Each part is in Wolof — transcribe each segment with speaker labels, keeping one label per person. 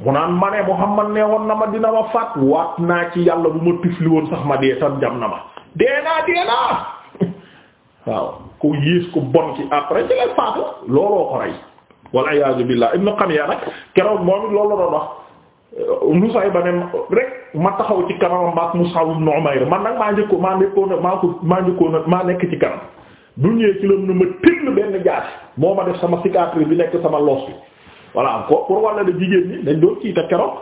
Speaker 1: mu naan ma xam Muhammad ne woon na ma dina ma faat waat naa ci yàlla bu ma tifli woon sax ma dee tan jam na ma dee naa dee naa waaw ku yiis ku bon ci après ci lay faatu looloo ko rey walla iyaazu billaah Ibnu Qamiya nag keroog moom it loolu la doon wax Nusay ba ne rek ma taxaw ci kanamam maak Mus'ab ibn Umayr man nag maa njëkkoon maa nekkoon maa ko maa njëkkoon maa nekk ci kanam du ci la mu ma till benn jaasi moo ma def sama cicatrice bi nekk sama loos bi voilà encore pour walla da jigéen ni dañ doon ciita keroog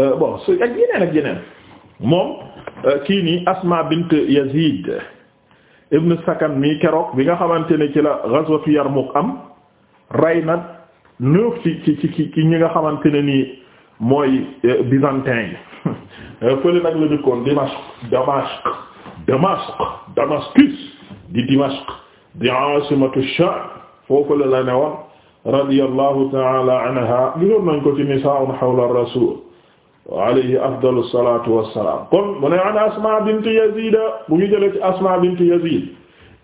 Speaker 1: euh, bon su ak yeneen ak yeneen moom euh, kii nii Asma bint Yazid ibn Sakan mii keroog bi nga xamante ne ci la ghazwatu Yarmuk am rey na neuf ci ci ci ci ñi nga xamante ne nii mooy euh, byzantin yi fële nag la dëkkoon Dimashq Damashq Damashq Damascus di Dimashq di asimatu Sham la ne woon radiyallahu ta'ala anha gisoon nañ ko ci nisaa'un hawla rasul alayhi afdalu salatu wassalam kon mu ne an asma bint yazid bu ñu jëlee ci asma bint yazid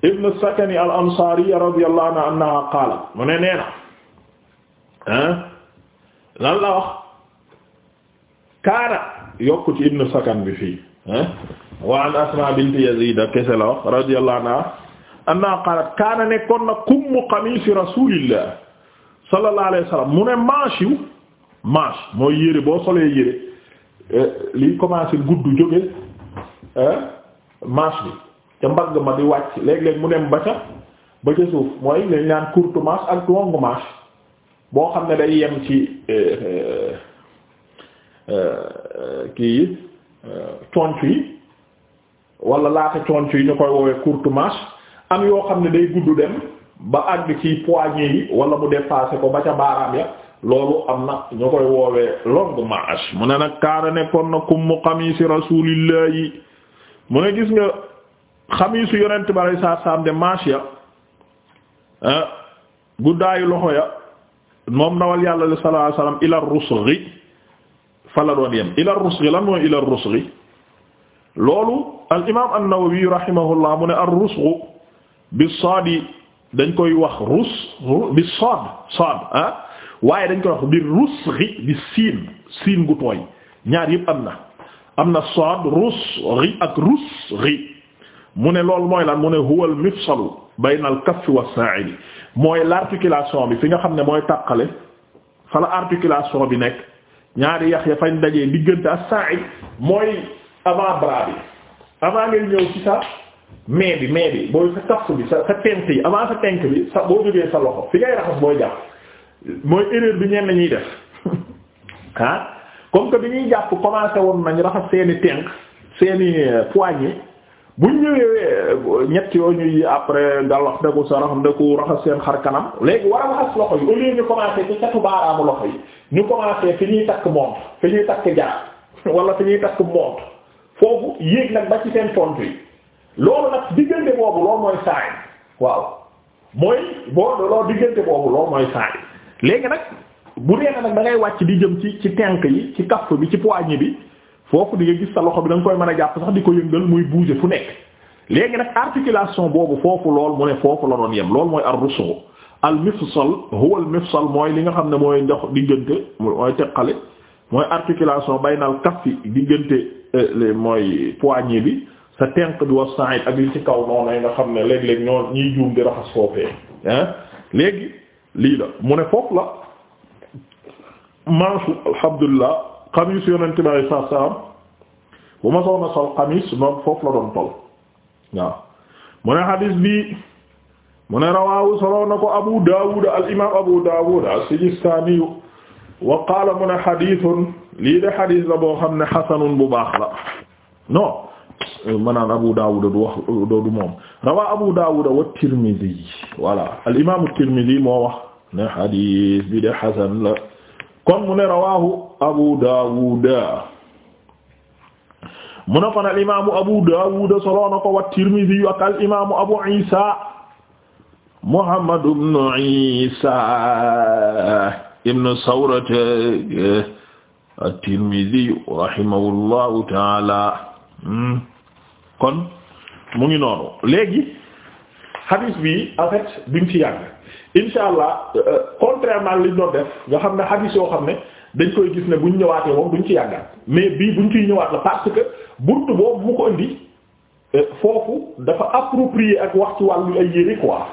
Speaker 1: ibn sakani al ansari radiyallahu anha qaala mu ne nee na ah lan la wax kaana yokku ci ibn sakan bi fii ah wa an asma bint yazid kese la wax radiyallahu anha anna qaalat kaana nekkoon na kummu qamiisi rasulillah sallallahu alayhi mu ne manche yu manche mooy yére boo solee yére euh, liy commencé gudd jóge euh, manche bi ca mbagg ma di wàcc léeg-léeg mu dem ba ca ba mooy lañ naan courte manche ak longue manche boo xam ne day yem ci euh, kii yi yi wala laata conc yi ñu koy woowee courte manche am yoo xam ne day gudd dem ba àgg ci poignée yi wala mu dépassé ko ba ca baaraam ya loolu am na ñu koy woowee longue marche mu ne nag kaara nekkoon na kumm xamiisi rasuulillahi mu ne gis nga xamiisu yonent ba lay saa saam de marche ya ah, guddaayu loxo ya moom nawal yàlla la sallallahu alayhi wasallam ila rusghi fa la doon yem ila rusghi lan mooy ila rusghi loolu al imaam an-Nawawi rahimahullah mu ne ar-rusghu saadi dañ koy wax rus bi sod sod ah waaye dañ koy wax bi rusghi bi siin siin gu tooy ñaar yëpp am na am na sod rusghi ak rusghi mu ne loolu mooy la mu ne huwal mifsalu bayna al kaff wa sa'id mooy l'articulation bi fi nga xam ne mooy tàqale fa articulation bi nekk ñaari yax ya fañ dajee diggante ak said mooy avant bras bi avant ngay ñëw ci sa mais bi mais bi booy sa kaff bi sa sa tenk yi avant sa tenk bi sa boo jógee sa loxo fi ngay raxas booy jàpp mooy erreur bi ñenn ñuy def ah comme que bi ñuy jàpp commencé woon nañ raxas seeni tenk seeni euh, poignée buñ ñëwee euh, ñett yoo ñuy après nga wax dëggu sa raxas dëggu raxas seen xar kanam léegi war a raxas loxo yi au ñu commencé ci catu baaraamu loxo yi ñu commencé fi ñuy takk montre fi ñuy takk jaar wala fi ñuy takk montre foofu yéeg nag ba ci seen tontu loolu nag diggante boobu loolu mooy saa waaw mooy boo loolu diggante boobu loolu mooy saa yi léegi nag bu dee nag da ngay wàcc di jëm ci ci tenk yi ci kaff bi ci poignée bi foofu di nga gis sa loxo bi da nga koy mën a jàpp sax di ko yëngal muy bouger fu nekk léegi nag articulation boobu foofu lool mu ne foofu la doon yem loolu mooy ar-rusu al mifsal huwa al mifsal mooy li nga xam ne mooy ndox diggante mooy teqale mooy articulation baynal kaffi diggante euh, mooy poignée bi. te tenq bi was sa'id ak li ci kaw noonu nga xam ne léeg-léeg ñoo ñiy juum di raxas foofee ah léegi lii la mu ne foofu la manche alhamdulilah xamis yonent bi alayhi salaatu salaam bu ma soxna sol xamis noonu foofu la doon tol waaw mu bi mu ne rawaawu soloo na ko Abu Daawud al imaam Abu Daawud as-Sijistaani wa qaala mu ne xadiisun lii de xam ne xasanun bu baax la Euh, maanaam Abu Dawud du wax euh, du moom rawaa Abu Dawud wa Tirmidhi voilà al imaamu Tirmidhi moo wax ne xadiis bi de xasan la kon mu ne rawaahu Abu Dawud mu ne kon al imaamu Abu Dawud solo na ko wa Tirmidhi ak al imaamu Abu Isa Muhammad ibn Isa ibn Sawrata at-Tirmidhi eh, rahimahullahu ta'ala hmm. kon mu ngi noonu léegi hadith bi en fait duñ ci yàgg insha allah euh, euh, contrairement liñ doon def nga xam ne hadith yoo xam ne dañ koy gis ne buñ ñëwaatee moom duñ ci yàggaat mais bii buñ ciy ñëwaat la parce que buntu boobu mu ko indi euh, foofu dafa approprié ak wax ci wàllu ay yére quoi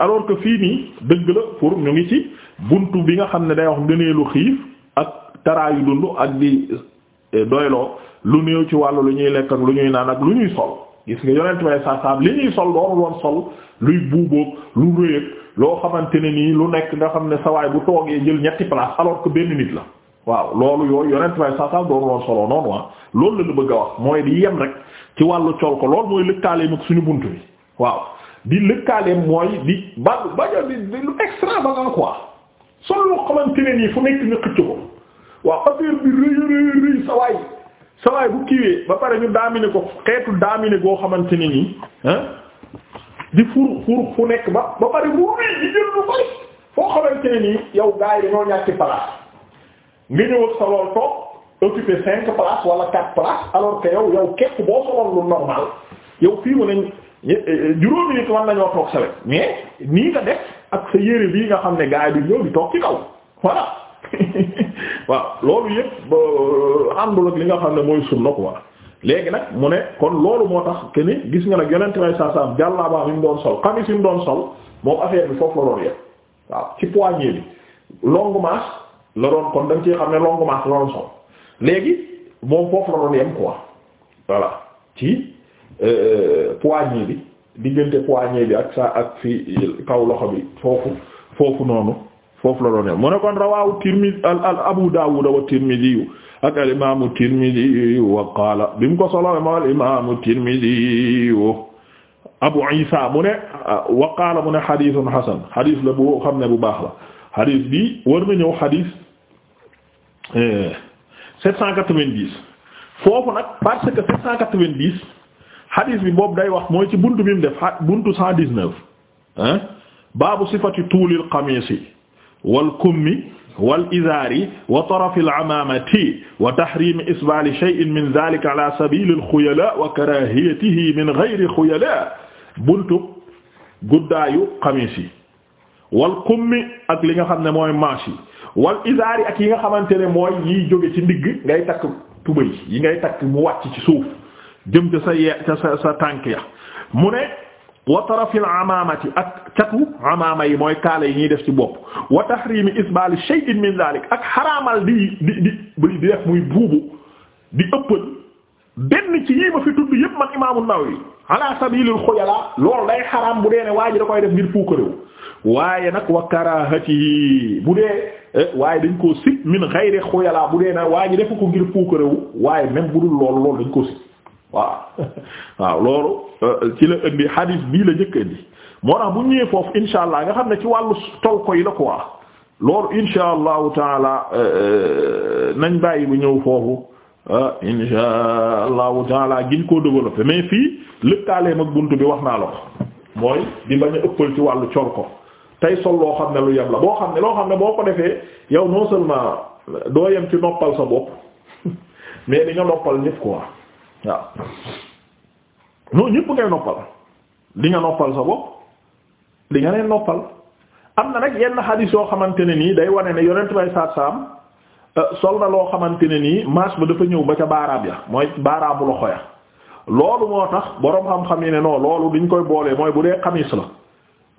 Speaker 1: alors que fii nii dëgg la pour ñu ngi ci buntu bi nga xam ne day wax ngëneelu xiif ak taraayu dund ak di doyloo lu néew ci wàllu lu ñuy lekk lu ñuy naan ak lu ñuy sol gis nga yonent bay saasaam li ñuy sol doonu woon sol luy buubóog lu réyëg loo xamante ne nii lu nekk nga xam ne sawaay bu toogee jël ñetti place alors que benn nit la waaw loolu yooyu yonent bay saasaam doonu woon noonu waa ah. loolu la la bëgg a wax mooy di yem rek ci wàllu col ko loolu mooy lëkkaaleem ak suñu bunt bi waaw di lëkkaaleem mooy di ba bajo di lu extravagant quoi nga xëcc ko waaw affaire bi sawaay bu kiiwee ba pare ñu daamine ko xeetu daamine goo xamante ne nii ah di fur fur fu nekk ba ba pare mu wéy di jël lu bari yow nga ñëw toog occupé yow yow képp boo soloon eh, eh, nii nga def ak sa yére bii nga xam ne gars yi du ñëw toog ci kaw voilà. waaw loolu yëpp euh, àndul ak li nga xam ne mooy na ko quoi léegi nag mu ne kon loolu moo tax que gis nga nag yonent may saa saam jàllaabaa mi mu doon sol xamis yi mu doon sol moom affaire bi foofu la doon yëpp waaw ci poignée bi kon da ci xam ne longue manche la doon léegi moom foofu la doon yem quoi ci euh, euh, poignée bi diggante poignée bi ak sa ak fi kaw loxo bi foofu foofu noonu foofu la doon ne mu ne kon rawahu Tirmidhi Abu Dawud wa Tirmidhi ak al imaamu Tirmidhi wa qaala bi mu ko solo ma al imaamu Abu Isa mu ne wa qaala mu ne xadiisun xasan xadiis la bu xam ne bu baax la xadiis bi war na ñëw xadiis 790 eh, foofu nag parce que 790 xadiis bi boobu day wax mooy ci buntu bi mu def buntu 119 ah baabu sifati tuulil qamiisi wal kummi wal izaari wa tarafil amaamati wa tahriimi isbaali shay'in min zaalika ala sabiilil xuyalaa wa karaahiyatihi min ghayri xuyalaa buntu guddaayu xamis yi wal kummi li nga xam ne mooy manche yi wal izaari ak yi nga xamante ne mooy yiy jóge ci ndigg ngay takk yi ngay takk mu wàcc ci suuf jëm ca sa ye mu wa tarafil amaamati ak catu amaama yi mooy kaala yi ñuy def ci bopp wa tahrimi isbali shay'in min zalik ak xaraamal di di di di def muy buubu di ëppal benn ci yii ma fi tudd yépp man imaamu Nawawi ala sabilil xuyala loolu day xaraam bu dee ne waa ji da koy def ngir puukarewu waaye nag wa karahatihi bu dee eh, waaye dañ koo sit min ghayri xuyala bu dee ne waa ji defu ko ngir puukarewu waaye même bu dul loolu loolu dañ koo sit waaw waaw loolu euh, ci la indi hadith bii la njëkk indi moo tax bu ñëwee foofu insha allah nga xam ne ci wàllu tol ko yi la ko quoi loolu insha allahu taala euh, euh, nañ bàyyi bu ñëw foofu insha allahu taala giñ koo développé mais fii lëkkaaleem ak bunt bi wax naa la ko mooy di bañ a ëppal ci wàllu col ko tey sol loo xam ne lu yem la boo xam ne loo xam ne boo ko defee yow non seulement doo yem ci noppal sa bopp mais di nga noppal ñëpp quoi. waaw noonu ñëpp ngay noppal di nga noppal sa bopp di nga leen noppal am na nag yenn xadis yoo xamante ne nii day wane ne yonent bay saat saam euh, sol loo xamante ne nii manche ba dafa ñëw ba ca baaraab ya mooy baaraabu loxo ya loolu moo tax boroom xam-xam yi ne non loolu diñ koy boolee mooy bu dee xamis la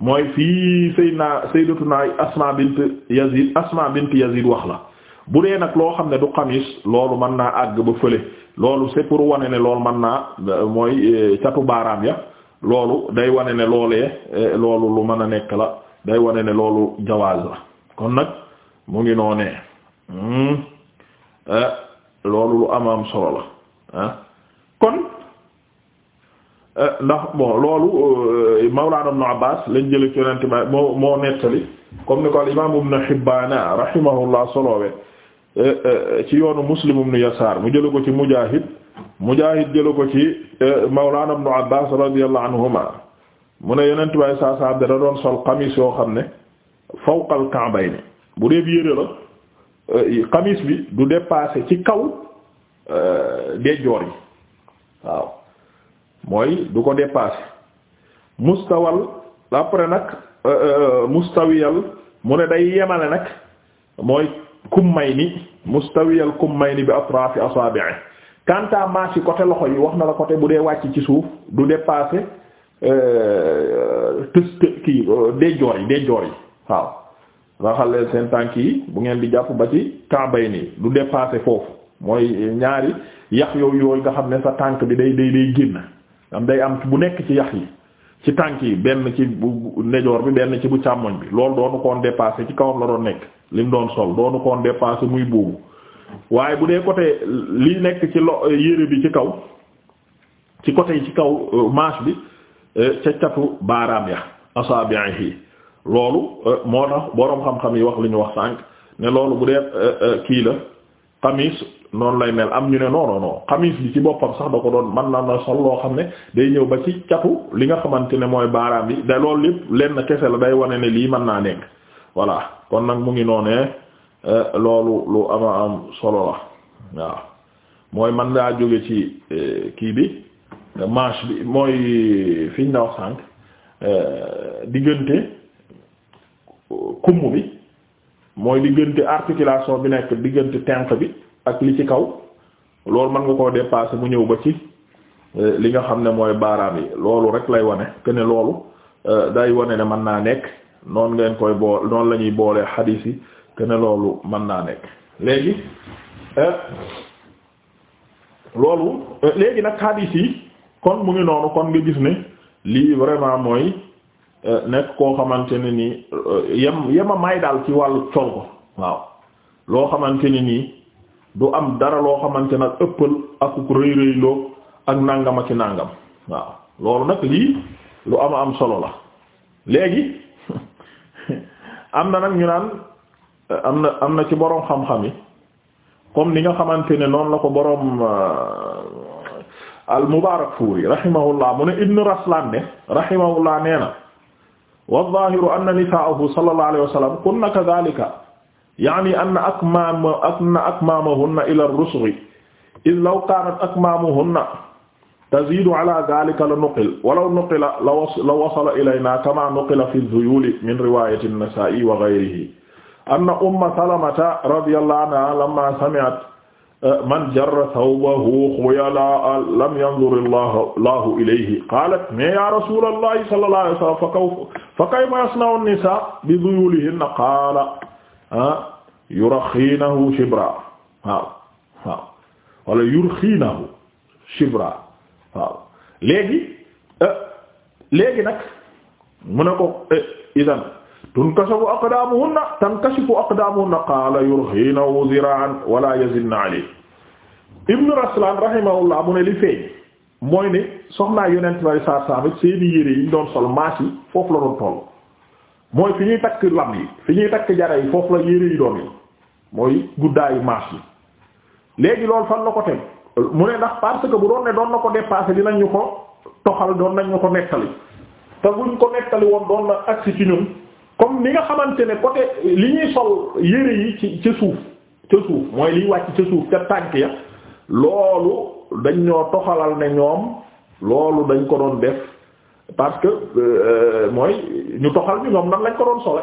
Speaker 1: mooy fii Seydina Sayyidatuna Asma bint Yazid Asma bint Yazid wax la bu dee nag loo xam ne du xamis loolu mën naa àgg ba fële loolu c'est pour wane ne loolu mën naa mooy eh, catu baaraam ya loolu day wane ne loolee eh, loolu lu mën a nekk la day wane ne loolu jawaaz la kon nag mu ngi noonee hmm. eh, loolu lu am solo la kon ndax bon loolu Mawlana Ibn Abbas lañ jële ci yonente ma moo moo nettali comme ni ko al imam Ibn Hibbana rahimahullah solowee Eh, eh, ci yoonu muslim ibn yasaar mu jëla ko ci mujaahid mujaahid jëla ko ci eh, mawlaana ibn abbaas radiyallahu anhuma mu ne yeneen tubaay saa saa da doon sol xamis yoo xam ne fawqal ka'bayni bu dee bi yére la xamis bi du dépasser ci kaw déjjoor yi waaw mooy du ko dépasser mustawal après nag mustawiyal mu ne day yemale nag mooy may kummayni mustawiyal kummayni bi atrafi asabi'i kanta manche yi côté loxo yi wax na la côté bu dee wàcc ci suuf du dépasser euh, tës kii euh, déjoor yi déjoor yi waaw raxal seen tànk yi bu ngeen di jàpp ba ci kàmbay nii du dépasser foofu mooy ñaari yax yow yooyu nga xam ne sa tànk bi day day day génn am day am bu nekk ci yax yi ci tànk yi benn ci bu ndejoor bi benn ci bu càmmoñ bi loolu doonu koon dépasser ci kawam la doon nekk lim doon sol doonu koon dépassé muy boobu waaye bu dee côté li nekk ci lo euh, yére bi ci kaw ci côté yi ci kaw euh, manche bi euh, ca catu baaraam ya asaabihi loolu moo tax boroom xam-xam yi wax li ñu wax sànq ne loolu bu dee kii la xamis noonu lay mel am ñu ne non non non xamis bi ci boppam sax da ko doon man na na sol loo xam ne day ñëw ba ci catu li nga xamante ne mooy baaraam yi da loolu lépp lenn kese la day wane ne lii mën naa nekk voilà kon nag mu ngi noonee euh, loolu lu am am solo la waaw mooy man ngaa jóge ci euh, kii bi manche bi mooy euh, fiñ la wax sànq diggante kumm bi mooy diggante articulation bi nekk diggante tenq bi ak li ci kaw loolu mën nga koo dépasser mu ñëw ba ci li nga xam ne mooy baaraam yi loolu rek lay wane këne loolu day wane ne mën naa nekk noonu ngeen koy boole noonu lañuy ñuy boolee xadiis yi te loolu man naa nekk léegi euh, loolu euh, léegi nag xadiis yi kon mu ngi noonu kon nga gis ne lii vraiment mooy euh, nekk koo xamante ne nii yem yema may daal ci wàll col ko waaw loo xamante ne nii du am dara loo xamante nag ëppal ak rëy rëy loo ak nàngam ak i nàngam waaw loolu nag lii lu ama am solo la léegi am na nag ñu naan euh, am na am na ci boroom xam-xam yi comme ni nga xamante ne noonu la ko boroom euh, al Mubaarakfuuri rahimahullah mu ne Ibnu Raslaan ne rahimahullah nee na wa zaahiru anna nisaa'ahu sallallahu alayhi wa sallam kunna kadhaalika yaani anna akmaam anna akmaamahunna ila ar-rusghi iz law kaanat akmaamuhunna tazidu ala dhalika la nuqil walaw nuqila la wasala ilayna kama nuqila fi dhuyul min riwayati an-nasa'i wa ghayrihi anna umma salamata radiyallahu anha lamma sami'at eh, man jarra thawbahu khuyala lam yanzur Allahu ilayhi qalat ma ya rasulallahi sallallahu alayhi wa sallam fa kayfa yasna'u an-nisa bi dhuyulihinna qala eh, yurkhinahu shibra waaw waaw wala yurkhinahu shibra waaw léegi euh, léegi nag mu ne ko euh, idan tunkashafu aqdaamuhunna tankashifu aqdaamuhunna qaala yurghinahu zira'an wala yazidna alayhi ibnu raslan rahimahullah mu ne li feeñ mooy ne soxnaa yonent bari saa saa seeni yére yi ñu doon sol maas yi foofu la doon toll mooy fi ñuy takk lam yi fi ñuy takk jara yi foofu la yére yi doon yi mooy guddaayu maas yi léegi loolu fan la ko teg mu ne ndax parce que bu doon ne doon na ko dépasser dinañ ñu ko toxal doon nañ ñu ko nettali te buñ ko nettali woon doon na agsi ci ñun comme ni nga xamante ne côté li ñuy sol yére yi ci ca suuf mooy liy wàcc ca suuf ca tànk ya loolu toxalal ne ñoom loolu dañ ko doon def parce que euh, mooy ñu toxal ñu ñoom nan lañ ko doon sole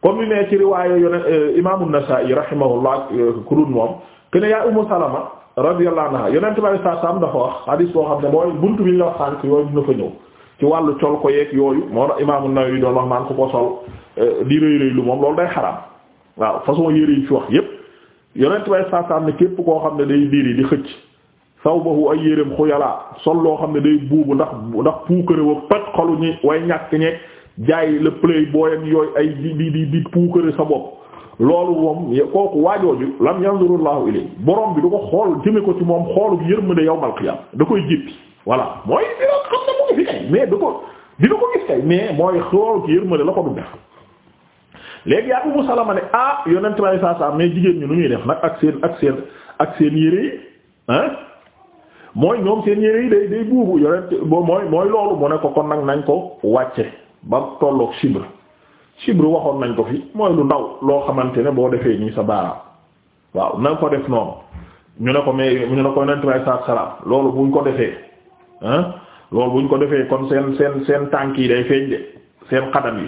Speaker 1: comme ni euh, euh, ne ci riwaaye yone imaamu Nasaa'i rahimahullah kurun moom kene yaa Ummu Salama radiyallahu anha yonent bi sallallahu alayhi wasallam dafa wax hadith boo xam ne mooy buntu bi ñu la wax sànk yooyu dina fa ñëw ci wàllu col ko yeeg yooyu ko sol euh, di rëy rëy lu moom loolu day xaraam waaw façon yére yi fi wax yépp yonent bi sallallahu alayhi ne képp koo xam ne day diiri di xëcc sawbahu ay yéreem xuyala sol loo xam ne day buubu ndax ndax puukare wa pët xolu ñi way ñàkk ñeeg jaay le playboy ak yooyu ay di di di di puukare sa bopp loolu moom kooku waajooju lam yanzurullahu ilay borom bi du ko xool jëme ko ci moom xoolu yërmande yawmal qiyam da koy jéppi voilà mooy dina xam du ko dina mooy xool ci yërmande la ko du def léegi yaa Umu Salama ne ah yonent bi sallallahu mais jigéen ñi nu ñuy def nag ak seen ak seen ak seen yére yi mooy ñoom seen yére yi day day buubu yonent mooy mooy loolu mu ne ko kon nag nañ ko wàcce ba tolloog sibre chibru waxoon nañ ko fi mooy lu ndaw loo xamante ne boo defee nii sa baaraam waaw na ko def noonu ñu ne ko mais ñu ne ko yonent bay saat salaam loolu buñ ko defee ah loolu buñ ko defee kon seen seen seen tànk yi day feeñ de seen xadam yi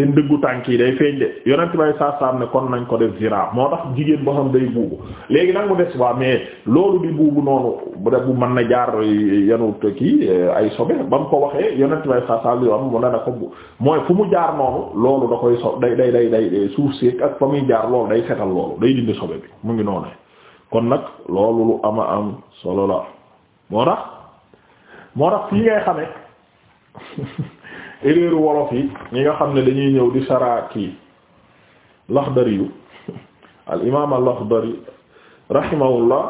Speaker 1: seen dëggu tànk yi day feeñ de yonent bay saasaam ne kon nañ ko def zira moo tax jigéen boo day buubu léegi nag mu des waa mais loolu di buubu noonu bu def na jaar yanut kii eh, ay sobe ba mu ko waxee yonent bay saasaam li am mu ne na ko bu mooy fu mu jaar noonu loolu da koy so day day day day suuf si ak fa muy jaar loolu day setal loolu day dindi sobe bi mu ngi noonu kon nag loolu lu ama am solo la moo tax moo tax fii ngay xame erreur wolof yi ñi nga xam ne dañuy ñëw di saraa kii Laxdari al imaam al Laxdari rahimahullah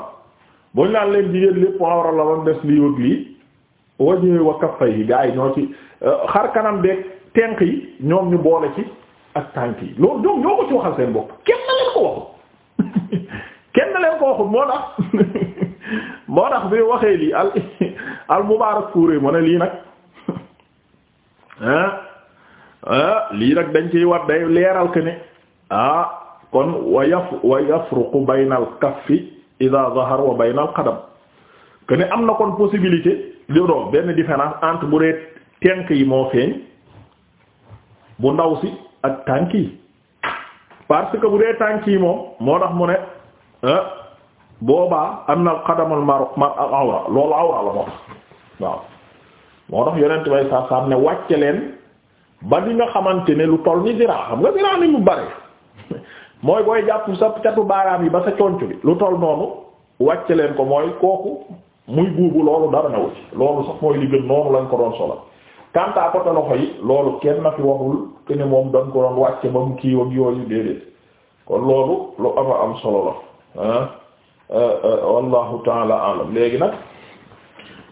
Speaker 1: bu ñu naan leen jigéen lépp awra la bam des lii lii wajhi wa kaffayhi gaa yi ñoo ci euh, xar kanam beeg tenk yi ñoom ñu boole ci ak tànk yi loolu ñoom ñoo ko ci waxal seen bopp kenn na leen ko waxut kenn na leen ko waxut moo tax moo tax bi waxee lii al al Mubaarak Fuure mu lii nag ah lii nag dañ ciy war day leeral que ne ah kon wa yaf wa yafruqu bayna kaffi idha zahar wa bayna al qadam que am na kon possibilité di doon benn différence entre bu dee tenk yi moo feeñ bu ndaw si ak tànk yi parce que bu dee tànk yi moom moo tax mu ne ah, boobaa am na al qadamal mar mar awra loolu awra la moom waaw moo tax yonent bay saa saa ne wàcce leen ba li nga xamante ne lu toll ni ziraa xam nga ziraa ni mu bare mooy booy jàpp sa catu baaraam yi ba sa conc lu toll noonu wàcce leen ko mooy kooku muy buubu loolu dara newu ci loolu sax mooy li gën noonu lañ ko doon solo kantaa ko loxo yi loolu kenn na fi waxul te moom dañ ko doon wàcce ba mu kii ak yooyu déedéet kon loolu lu ama am solo la ah euh, euh, wallahu taala alam léegi nag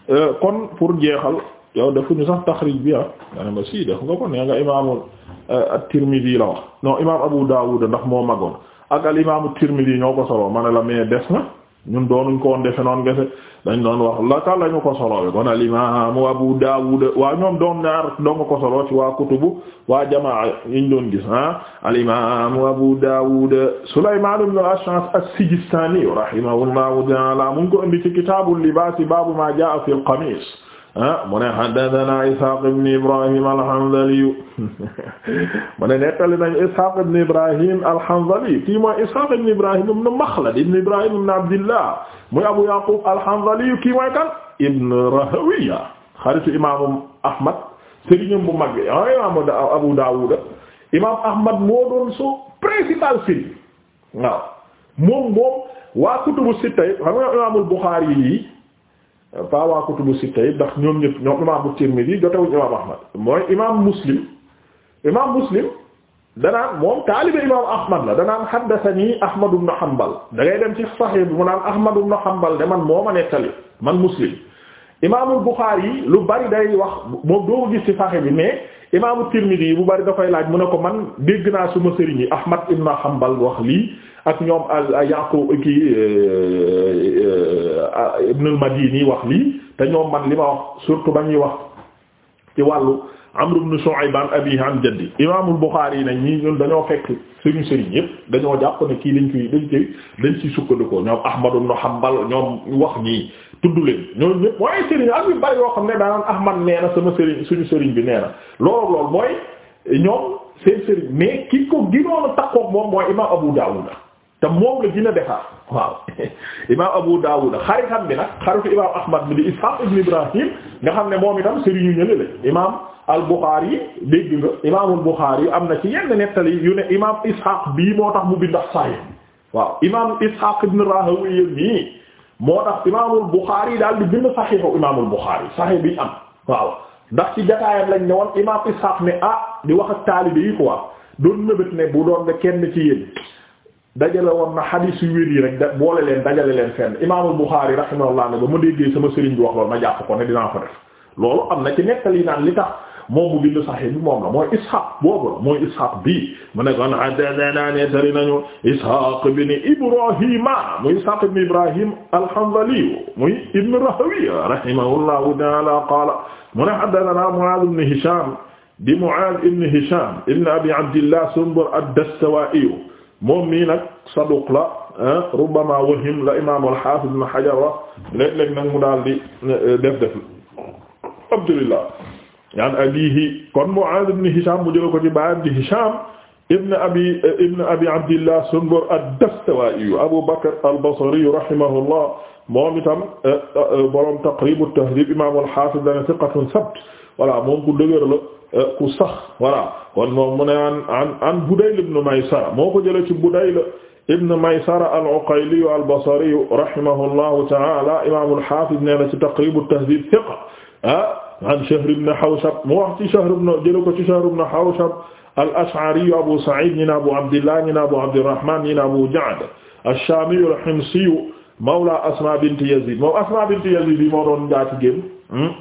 Speaker 1: euh, kon pour jeexal yow defuñu sax taxrij bi ah nga ne euh, la wax non imaam Abu Dawud ndax moo magoon ak al imaamu Tirmidhi ñoo ko solo ma ne la ko woon defe noonu gese dañ doon wax laka la ñu ko soloowe kon al imaamu Abu Dawud waa ñoom doom ñaar doonga ko solo ci waa kutubu waa jamaa yiñ doon gis ah al imaamu Abu Dawud Sulaymaan ibn al as-Sijistani rahimahullahu ta'ala mu ngi ko indi ci kitaabul libaas baabu maa jaa'a qamiis Ah, mu ne haddathana Ishaq ibn Ibrahim al-Hanzali mu ne nettali nañu Ishaq ibn Ibrahim al-Hanzali kii mooy Ishaq ibn Ibrahim ibn Makhlad ibn Ibrahim ibn Abdillah muy Abu Yaqub al-Hanzali kii mooy kan ibn Rahawiya xaritu imaamu Ahmad sëriñam bu mag bi ah imaamu Abu Dawud imaam Ahmad moo doon so principal sëriñ waaw moom moom waa kutubu sitta xam nga imaamul Bukhari yi. pas waa kutubu sitta yi ndax ñoom ñëpp ñoom imaamu Tirmidhi jotewuñu imaam Ahmad mooy imaam Muslim imaam Muslim danaan moom taalibe imaam Ahmad la danaan haddathani Ahmad ibn Hanbal da ngay dem ci Sahih bi mu naan Ahmad ibn Hanbal de man moo ma nettali man Muslim imaamul Bukhari yi lu bari day wax moom doo ko gis ci Sahih bi mais imaamu Tirmidhi yi bu bari da koy laaj mu ne ko man dégg naa suma sëriñ yi Ahmad ibn xambal wax lii ak ñoom Yaqub kii euh, euh, euh, Ibn al-Madini wax lii te ñoom man li ma wax surtout ba ñuy wax ci wàllu Amr ibn Shu'ayb an abihi an jaddi imaamul Buxaari yi nañ ñii ñun dañoo fekk suñu sëriñ yëpp dañoo jàpp ne kii dañ ciy dañ ci dañ ciy sukkandikoo ñoom Ahmad ibn Hanbal ñoom wax ñii tudd leen ñoom ñëpp mooy sëriñ ak yu bari yoo xam ne daanaan Ahmad nee na sama sëriñ suñu sëriñ bi nee na loolu loolu mooy ñoom seen sëriñ mais ki ko gënoon a takkoog moom mooy imaam Abu Daawuda te moom la dina defar waaw imaam Abu Dawud xaritam bi nag xaritu imaam Ahmad bi di Ishaq ibn Ibrahim nga xam ne moom itam sëriñu ñële la imaam al-Bukhari yi dégg nga imaamul Bukhari yi am na ci yenn nettali yu ne imaam Ishaq bii moo tax mu bind Sahih waaw imaam Ishaq ibn Rahawayh nii moo tax imaamul Bukhari daal di bind Sahihu imaamul Bukhari Sahih bi am waaw ndax ci jataayam lañ ne woon imaam Ishaq ne ah di wax ak taalibe yi quoi doon nëbët ne bu doon ne kenn ci yéen. dajale woon na xadiis yu wér yi rek da boole leen dajale leen fenn imaamul Buxaari rahimahullah ne ba ma déggee sama sëriñ bi wax loolu ma jàpp ko ne dinaa ko def loolu am na ci nettali naan li tax moom mu bind Sahih bi moom la mooy Ishaq boobu la mooy Ishaq bii mu ne kon haddathana nettali nañu Ishaq ibn Ibrahima muy Ishaq ibn Ibrahim al-Hanzali muy ibn Rahawiya rahimahullahu ta'ala qaala mu ne haddathana Mu'aaz ibn Hisham di Mu'aaz ibn Hisham ibn Abi Abdillah Sunbur ad-Dastawa'i moom mii nag saduq la rubbama wahim la imaam al-Hafiz Ibn Hajar wax léeg-léeg nag mu daal di def def Abdullah yaan abihi kon Mu'aaz ibn Hisham mu jëla ko ci baayam di Hisham ibn abi ibn abi Abdillah Sunbur ad-Dastuwaa'i Abu Bakr al-Basri rahimahullah moom itam eh, eh, eh, borom Taqrib at-Tahdhib imaam al-Hafiz la thiqatun sabt voilà moom ku dëgër la euh, ku sax voilà kon moom mu ne an an an Budayl ibn Maysara moo ko jëlee ci Budayl ibn Maysara al-Uqayli al-Basri rahimahullahu ta'ala imam al-Hafiz nee na ci Taqrib at-Tahdhib thiqa ah an Shahr ibn Hawshab mu wax ci Shahr ibn jëlee ko ci Shahr ibn Hawshab al-Ash'ari Abu Sa'id ñi na Abu Abdillah ñi na Abu Abdirrahman ñi na Abu Ja'd ash-Shami al-Himsi mawla Asma bint Yazid moom Asma bint Yazid yi moo doon jaati génn hmm?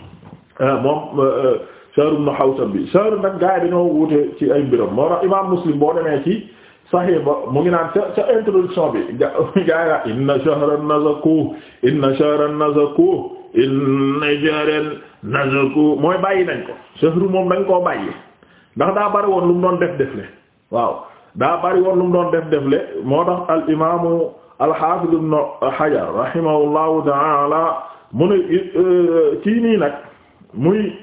Speaker 1: Euh, moom euh, euh, Shahr ibn Hawshab bi Shahr nag gaa yi dañoo wute ci ay mbiram moo tax imaam Muslim boo demee ci Sahih ba mu ngi naan ca ca introduction bi ga gaa yi la inna shahran nazaku inna shahran nazaku inna shahran nazaku mooy bàyyi nañ ko shahru moom dañ koo bàyyi ndax daa bari woon lu mu doon def defle waaw daa bari woon lu mu doon def defle moo tax al imaamu al haafiz ibn Hajar rahimahullahu ta'ala mu ne kii nii nag muy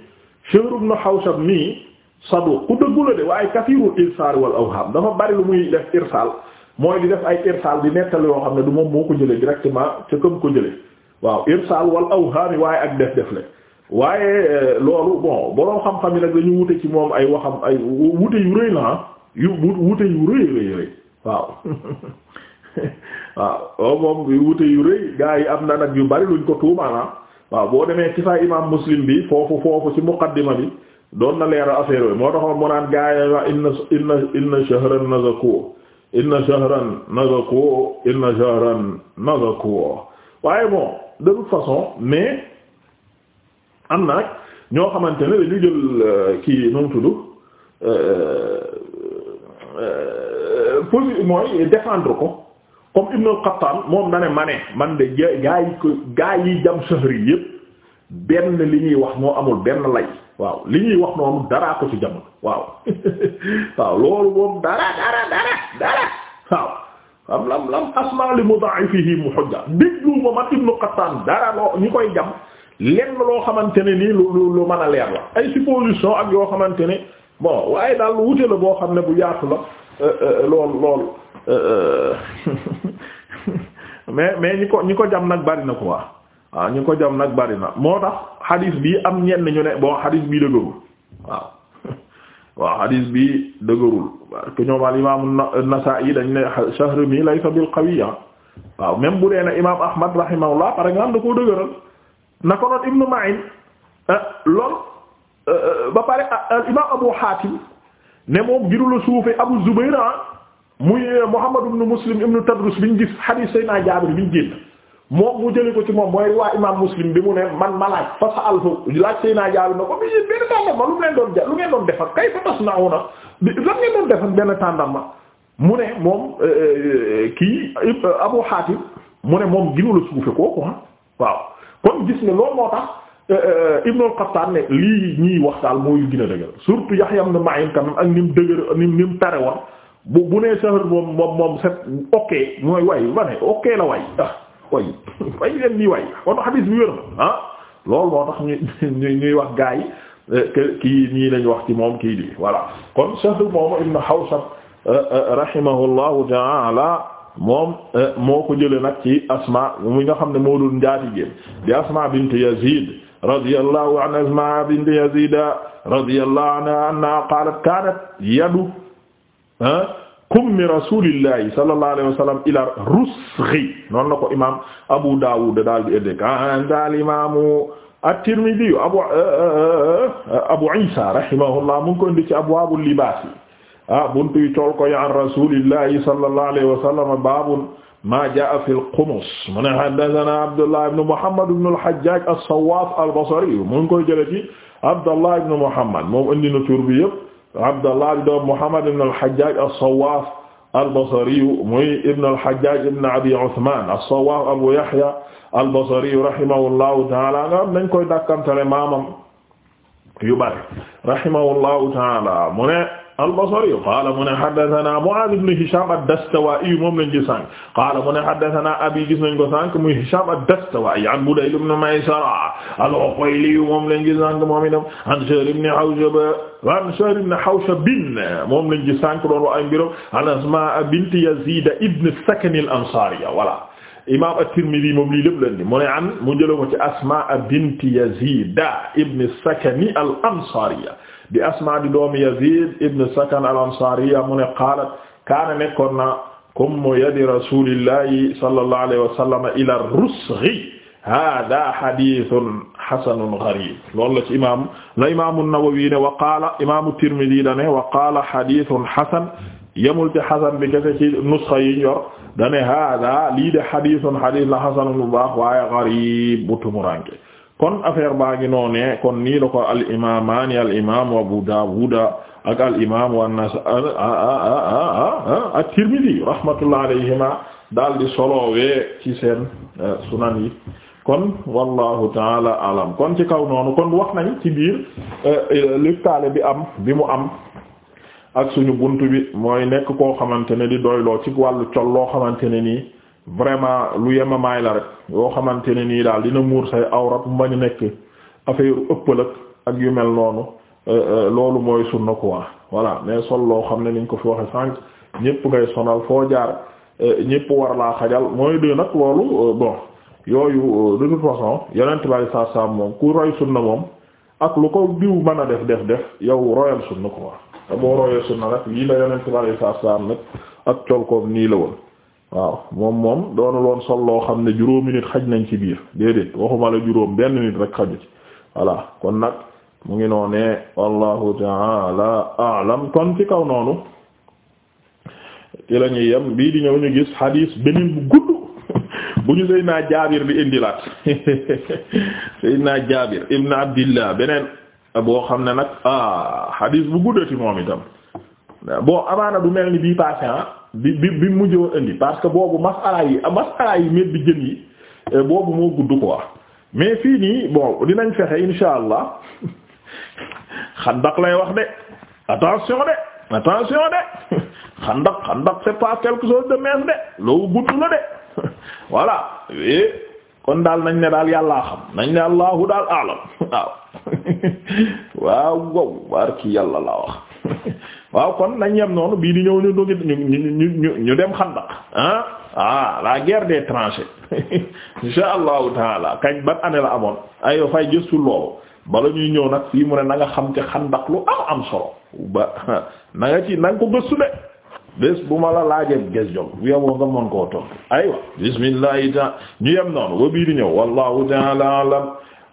Speaker 1: Shahr ibn Hawshab nii saduq ku dëggu la de waaye kasiirul irsaal wal awhaam dafa bari lu muy def irsaal mooy di def ay irsaal di nettal yoo xam ne du moom moo ko jëlee directement ca këm ko jëlee waaw irsaal wal awhaam waaye ak def def la waaye euh, loolu bon boroom xam-xam yi nag dañu wute ci moom ay waxam ay wute yu rëy la ah yu wute yu rëy rëy rëy waaw waaw moom wute yu rëy gaa yi am na nag yu bari luñ ko tuumaana ah waaw boo demee ci saa imam muslim bi foofu foofu ci muqaddima bi doon na leeral affaire yooyu moo taxoon mu naan gaaya wa inna inna inna shahran nazaku inna shahran nazaku inna shahran nazaku waaye bon de toute façon mais am na nag ñoo xamante ne dañu jël euh, kii nu mu tudd euh, euh, pour mooy défendre ko comme Ibn al moom na ne man de gaa yi ko gaa yi jam sahri yépp benn li ñuy wax noo amul benn lay waaw li ñuy wax noonu daraa ko ci jamono waaw waaw loolu moom dara dara dara dara waaw am lam lam asma li mudha'ifihi mu hujja déglu ma man Ibn al dara loo ñu koy jam lenn loo xamante ne nii lu lu lu mën a leer la ay supposition ak yoo xamante ne bon waaye daal lu wute la boo xam ne bu yaatu la Euh, euh, euh, lool lool mais mais ñi ko ñi ko jam nag bari na quoi waaw ah, ñi ko jam nag bari na moo tax xadiis bi am ñenn ñu ne bon xadiis bi dëgërul waaw waaw xadiis bi dëgërul parce que ñoom al imaamu Nasaa'i dañ ne shahr mi laysa bil qawiyya waaw même bu dee na imaam Ahmad rahimahullah par exemple da koo dëgëral na ko noon Ibnu Ma'in eh, lool eh, eh, ba pare ah, al imaam Abu Hatim ne moom girula suufe Abu Zubayr ah muy eh, Muhammad ibn Muslim ibn Tadrus bi ñu gis hadith Seydina Jaabir bi ñu génn moom mu jëlee ko ci moom mooy waa imam Muslim bi mu ne man ma laaj fa sa'altu laaj Seydina Jaabir na ko bi yéen benn tàndarma lu leen doon ja lu ngeen doon defal kay fa tas naawu na lan ngeen doon benn tàndarma mu ne moom eh, eh, kii Abu Hatim mu ne moom girula suufe kooku ah waaw kon gis ne loolu moo tax. Euh, euh, ibn al-Qattan ne lii ñiy wax daal moo yu a dëgër surtout Yahya ibn Ma'in quand ak ni mu dëgër ni mu tare woon bu bu nee Sahl moom moom moom set ok mooy way ba ne ok la way ah way way leen ñuy wax gaa yi euh, kii ñii lañ wax ci moom kii di voilà kon Sahl moomu Ibn Hawshab rahimahullahu ta'ala moom moo ko jëlee nag ci Asma mi nga xam ne moo doon njaatigéen di Asma bint Yazid radiyallahu an asmaa bint yazida radiyallahu anha anna qaalat kaanat yadu kummi rasulillahi sallallahu alayhi wa sallam ila rusghi noonu la ko imaam Abu Dawud daal di indi kaanal imaamu at-Tirmidhi abu eh, eh, eh, abu Isa rahimahullah mu ngi ko indi ci abwaabul libaas ah buntu yi tool ko ya an rasulillahi sallallahu alayhi wa sallam baabun maa jaa fi al-Qumus mu ne haddathana Abdullah ibn Muhammad ibn al-Hajjaj as-Sawwaf al-Basri mu ngi koy jëlee ci Abdullah ibn Muhammad moom indi na tur bi yëpp Abdullah ibn Muhammad ibn al-Hajjaj as-Sawwaf al-Basri muy ibn al-Hajjaj ibn Abi Uthman as-Sawwaf Abu Yahya al-Basri rahimahullahu ta'ala nga nañ koy dàkkantale maamam yu bari rahimahullahu ta'ala mu ne al-Basri qaala mu ne haddathana Mu'aaz ibn Hishaam ad-Dastawaa'i moom lañ ci sànq qaala mu ne haddathana abi gis nañ ko sànq muy Hishaam ad-Dastawaa'i an Budayl ibn Maysara al-Uqayli moom lañ ci sànq moom itam an Shahr ibn Hawshab an Shahr ibn Hawshab moom lañ ci sànq doon wax ay mbiram an Asmaa bint Yaziid ibn Sakan al-Ansaariya voilà imam at-Tirmidhi moom lii lépp leen di mu ne an mu jëla ko ci Asmaa bint Yaziid ibn Sakan al-Ansaariya di asma di doomu yazid ibn sakan al ansariya mu ne qaalat kaana nekkoon na kummu yadi rasulillahi sallallahu alayhi wa sallam ila rusghi hada hadithun hasanun gharib loolu la ci imam la imaamu nawawi ne wa qaala imaamu tirmidi dane wa qaala hadithun hasan yemul ci hasan bi kese ci nusxa yi yor dane hada lii de hadithun hadith la hasanun bu baax waaye gharib bu tumuranke kon affaire baa ngi noonee kon nii la ko al imaamaani al imaamu Abu Daawuda ak al imaamu an-Nasaa'i at-Tirmidhi rahmatullahi alayhima daal di solowee ci seen euh, sunan yi kon wallahu taala alam kon ci kaw noonu kon wax nañ ci biir euh, euh, lëkkaale bi am bi mu am ak suñu bunt bi mooy nekk koo xamante ne di doyloo ci wàllu col loo xamante ne nii vraiment lu yemamaay la rek yoo xamante ne nii daal dina muur say awra ma ñu nekk affaire ëppal ak yu mel noonu euh, euh, loolu mooy sunna quoi voilà mais sol loo xam ne niñ ko fi waxe sànq ñépp ngay sonal foo jaar euh, ñépp war laa xajal mooy de nag loolu bon yooyu de toute façon yonent bari saa saa moom ku roy na moom ak lu ko diw mën a def def def yow royal sunna quoi te boo royal sunna nag lii la yonent bari saa nag ak col koom nii la woon. waaw moom moom doonuloon sol loo xam ne juróomi nit xaj nañ ci biir déedéet waxuma la juróom benn nit rek xaju ci voilà kon nag mu ngi noonee wallahu taala aalam kon ci kaw noonu ci la yem bii di ñëw ñu gis xadiis beneen bu gudd bu ñu Seydina Jaabir bi indilaat Seydina Jaabir ibn Abdillah beneen boo xam ne nag ah xadiis bu guddati moom itam bon amaana du mel ni bii passé ah. bi bi bi mujj woon indi parce que boobu masala yi masala yi mét di jën yi eh, boobu moo gudd ko wax mais fii nii bon dinañ fexe insha allah xandak lay wax de attention de attention de xandak xandak c'est pas quelque chose de mince de loolu gudd la de voilà eh, kon daal nañ ne daal yàllaa xam nañ ne allahu daal aalam waaw waaw barki yàlla laa wax waaw kon nañ yem noonu bii di ñëw ñu dogi ñu ñu ñu dem xandaq ah ah la guerre des tranchées insha allahu taala kañ ban année la amoon ay fay gëstu loolu bala ñuy ñëw nag fii mu ne na nga xam te xandaq lu am am solo ba nanga ci na ko gëstu de bés bu ma la laajee gés jom yowoo nga mën koo toog aywa bismillahi ta ñu yem noonu ba bii ñëw wallahu taala